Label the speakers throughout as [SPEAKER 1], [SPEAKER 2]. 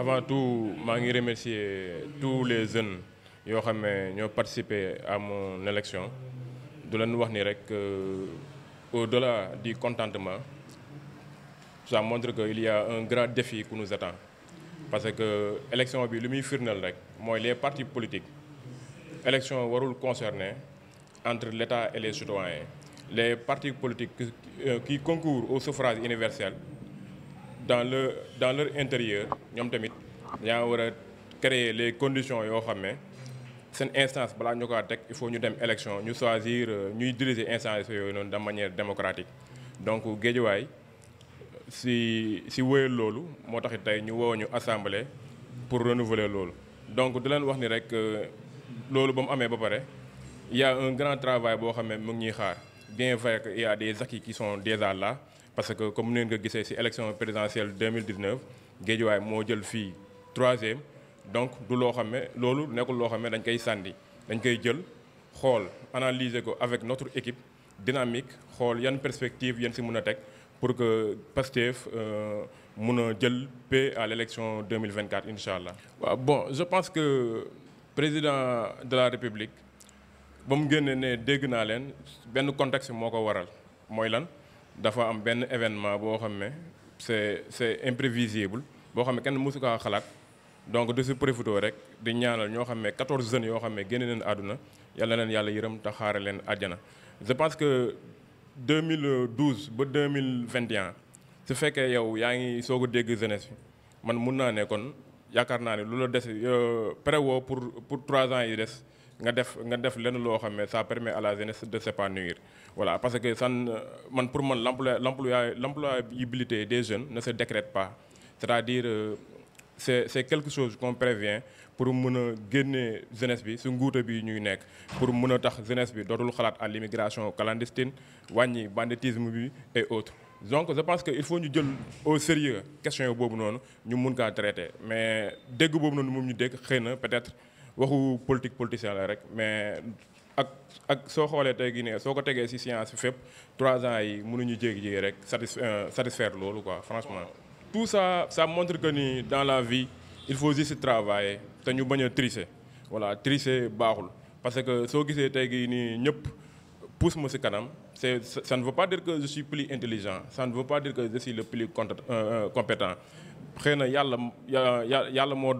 [SPEAKER 1] avant tout je remercie remercier tous les jeunes qui ont participé à mon élection Je veux wax euh, au-delà du contentement ça montre qu'il y a un grand défi qui nous attend parce que l'élection, bi lu muy les partis politiques élection warul entre l'État et les citoyens les partis politiques qui euh, concourent au suffrage universel dans le dans leur intérieur nous tamit créé créer les conditions pour xam ne instance il faut ñu une élection nous choisir euh, ñuy diriger instance de manière démocratique donc Guédiawaye si si le loolu moo nous tey ñu assemblée pour renouveler l'eau. donc di leen wax ni rek euh, loolu ba il y a un grand travail boo xam ne bien vrai il y a des acquis qui sont déjà là parce que comme nous nous vu gisee ci élection présidentielle 2019 Guédiawaye a jël la troisième donc nous loo xam ne loolu nekkul loo xam ne dañ koy sànni dañ koy avec notre équipe dynamique xool yan perspective yan ci mën a teg pour que Pastef euh, a jël paix à l'élection 2024 Inch'Allah. bon je pense que président de la république ba mu génnee ne dégg naa leen benn contexte moo ko waral mooy lan dafa am benn événement boo xam c'est c'est imprévisible bo xam ne kenn mësu kaa xalaat donc de su profité rek di ñaanal ño xam 14 jeunes yo xam ne génne leen àdduna yàlla leen yàlla yërëm te xaare leen je pense que 2012 ba 2021 su fekkee yow yaangi sogu dégg jeunesse man mun naa ne kon yaakaar naa ne lu la des euh, préwoo pour pour 3 ans yi dess nga def nga def len lo xam ça permet à la jeunesse de s'épanouir voilà, parce que ça, pour moi, l'employabilité des jeunes ne se décrète pas. C'est-à-dire, euh, c'est quelque chose qu'on prévient pour mën gagner génne jeunesse bi su nguuta bi ñuy nekk pour mën a tax jeunesse bi dootul xalaat à l'immigration clandestine wàññi banditisme et autres donc je pense qu'il il faut nous jël au sérieux question boobu noonu ñu traiter mais dégg que noonu moom ñu dégg peut-être waxu politique politicien rek mais ak ak soo xoolee tey gi ne soo ko tegee si science fépp trois ans yi mënuñu jéegi-jéegi rek euh, satisfaire loolu quoi franchement. tout ça ça montre que ni dans la vie il faut juste travailler te ñu bañ a tricher voilà tricher baaxul parce que soo gisee tey gi nii ñëpp pousse-moi ce Ça ne veut pas dire que je suis plus intelligent, ça ne veut pas dire que je suis le plus euh, euh, compétent. Il y a le mot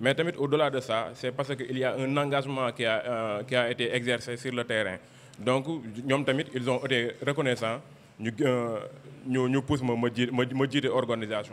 [SPEAKER 1] mais au-delà de ça c'est parce qu'il y a un engagement euh, qui a été exercé sur le terrain donc ils ont été reconnaissants pousse organisation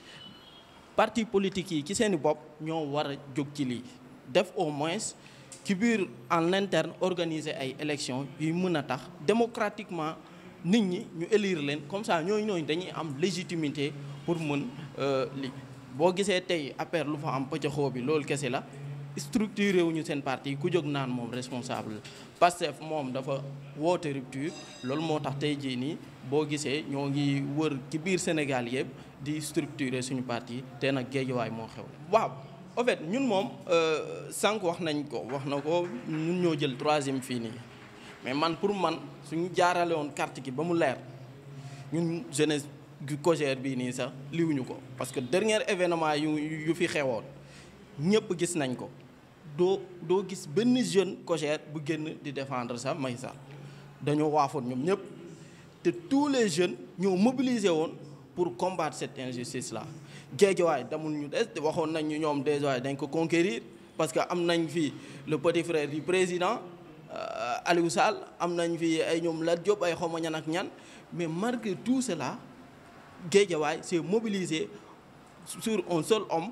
[SPEAKER 2] parti politique yi ci seen i bopp ñoo war a ci lii def au moins ci biir en interne organiser ay élections yuy mën tax démocratiquement nit ñi ñu élire leen comme ça ñooñu ñooñu dañuy am légitimité pour mën euh, li boo gisee tey affaire lu fa am pëccaxoo bi loolu kese la structuré wuñu sen parti ku jog naan mom responsable Pastef mom dafa wote rupture lol motax tax tey bo nii boo ñoo ngi wër ci biir Sénégal yëpp di structuré suñu parti te nag géejawaay mo xew waaw en fait ñun euh sank wax nañ ko wax nako ko ñun ñoo jël troisième e fini mais man pour man suñu jaarale won carte ki ba mu lèr ñun jeunesse gu COJER bi ni sax liwuñu ko parce que dernier événement yu yu fi xewoon ñëpp gis nañ ko do do gis benn jeune cocher bu génn di défendre sa Macky dañu dañoo ñom ñep té tous les jeunes ñoo mobilisé won pour combattre cette injustice là Guédiawaye damul ñu des waxoon nañ ñu ñom déjà dañ ko conquérir parce que am nañ fi le petit frère du président euh, Aliou Sall am nañ fi ay ñom la job ay xawma ñan ak ñan mais malgré tout cela Guédiawaye s'est mobilisé sur un seul homme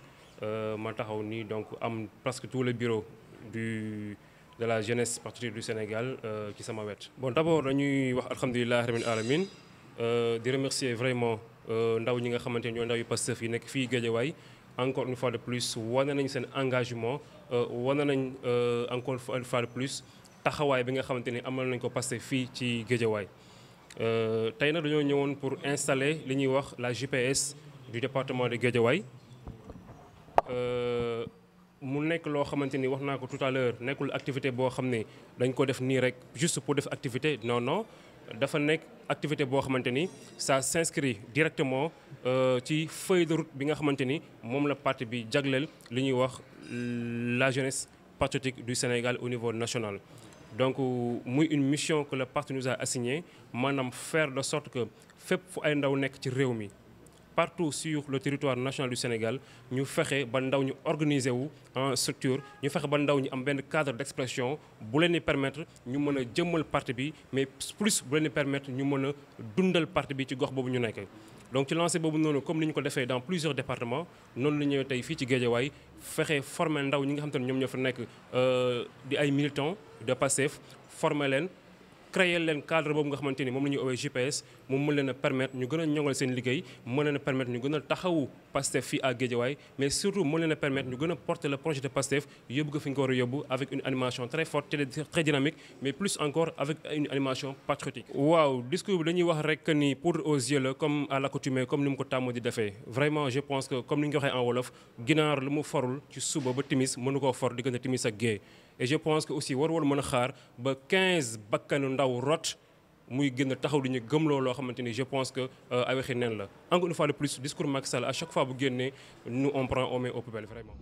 [SPEAKER 3] Euh, ma taxaw nii donc am presque tous les bureaux du de la jeunesse patriotique du Sénégal euh, qui wet. bon d'abord abord dañuy wax alhamdulilah rabbil alamin euh, de remercier vraiment euh, ndaw ñi nga xamante ñoo ndaw yu pasteur yi nek fi Guédiawaye encore une fois de plus wane nañ sen engagement euh wane nañ euh encore une fois de plus taxaway bi nga xamante ni amal nañ ko Pastef fi ci Guédiawaye tey nag dañu ñëwone pour installer li ñuy wax la GPS du département de Guédiawaye euh, mu nekk loo xamante ni wax tout à l'heure nekkul activité boo xam ne dañ ko def nii rek juste pour def activité non non dafa nekk activité boo xamante ça s'inscrit directement euh, ci feuille de route bi nga xamante ni moom la parti bi jagleel li ñuy wax la jeunesse patriotique du Sénégal au niveau national. donc muy une mission que le parti nous a assignée maanaam faire de sorte que fépp fu ay ndaw nekk ci réew mi partout sur le territoire national du Sénégal nous faisons ba ndaw ñu organiser en structure nous faisons ba ndaw ñu am cadre d'expression bu nous permettre ñu mën jëmmal parti bi mais plus bu leen permettre ñu mën a dundal parti bi ci gox ñu donc ci lancé boobu comme nous l'avons ko dans plusieurs départements nous la ñëwee tey fii ci Guédiawaye fexe former ndaw ñi nga xam euh, militants de PASSEF, former leen créer un cadre boobu nga xamante ni moom la ñuy GPS moom mën leen permettre ñu gën a ñoŋal seen liggéey mën leen permettre ñu gën a taxawu PASTEF à Guédiawaye mais surtout mën nous permettre ñu gën porter le projet de PASTEF yóbbu ko fi ko avec une animation très forte très dynamique mais plus encore avec une animation patriotique. waaw discours bi dañuy wax rek ni poudre aux yeux la comme à l'accoutumée comme nous mu ko tàmmoo di vraiment je pense que comme ni ñu ko en wolof ginaar lu mu forul ci suba ba timis mënu koo for diggante timis ak et je pense que aussi war war mën xaar ba 15 bakkanu ndaw rot muy gën a taxaw li ñu gëmloo loo xamante je pense que euh, ay waxi la encore une fois le plus discours Macky Sall à chaque fois bu génnee nous on prend au met au poubelles vraiment